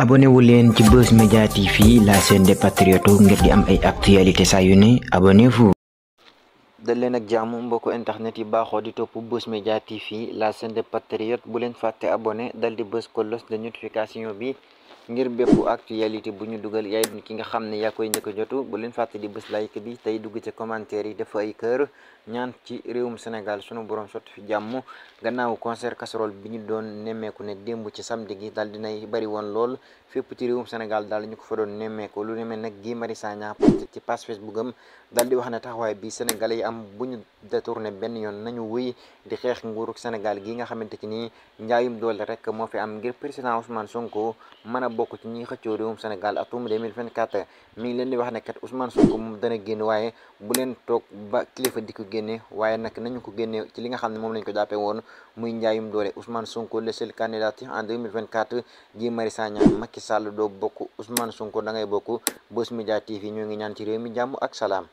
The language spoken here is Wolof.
abonné wu leen ci Buzz Media TV la chaîne des patriotes ngir di am ay actualité saa yu ne dal leen ak jàmm mbokku internet yi baaxoo di topp Buzz Media TV la chaîne des patriotes bu leen fàtte abonné dal di bës cloche de notification bi ngir bépp actualité bu ñu dugal yaay ki nga xam ne yaa koy njëkk a jotu bu leen fàtte di bës like bi tey dugg ci commentaire yi dafa ay kër ñaan ci réewum Sénégal sunu borom sotti fi jàmm gannaaw concert casserole bi ñu doon nemmeeku ne démb ci samedi gi daal dinay bari woon lool fépp ci réewum Sénégal daal ñu ko fa doon nemmeeku lu ne mel nag Guy Marius am bu ñu détourné benn yoon nañu wuy di xeex nguurug Sénégal gi nga xamante ci nii njaayum doole rek moo fi am ngir président Ousmane Sonko mën a bokk ci ñi xëccoo réewum Sénégal atum 2024 mi ngi leen di wax ne kat Ousmane Sonko moom génn waaye bu leen toog ba kilifa génne waaye nag nañu ko génne ci li nga xam ne moom lañ ko jàppee woon muy njaayum doole Ousmane Sonko le seul candidat en 2024 Guy Marius Sagna Macky Sall doo bokk Ousmane Sonko da ngay bokk Buzz Media TV ñoo ngi ñaan ci réew mi jàmm ak salaam